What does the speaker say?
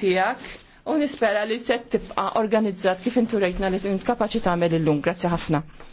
tijak u nispera li se tibqa organizzat kif intu rejtna li t-inkapaċi tamel il-lum. Grazie ħafna.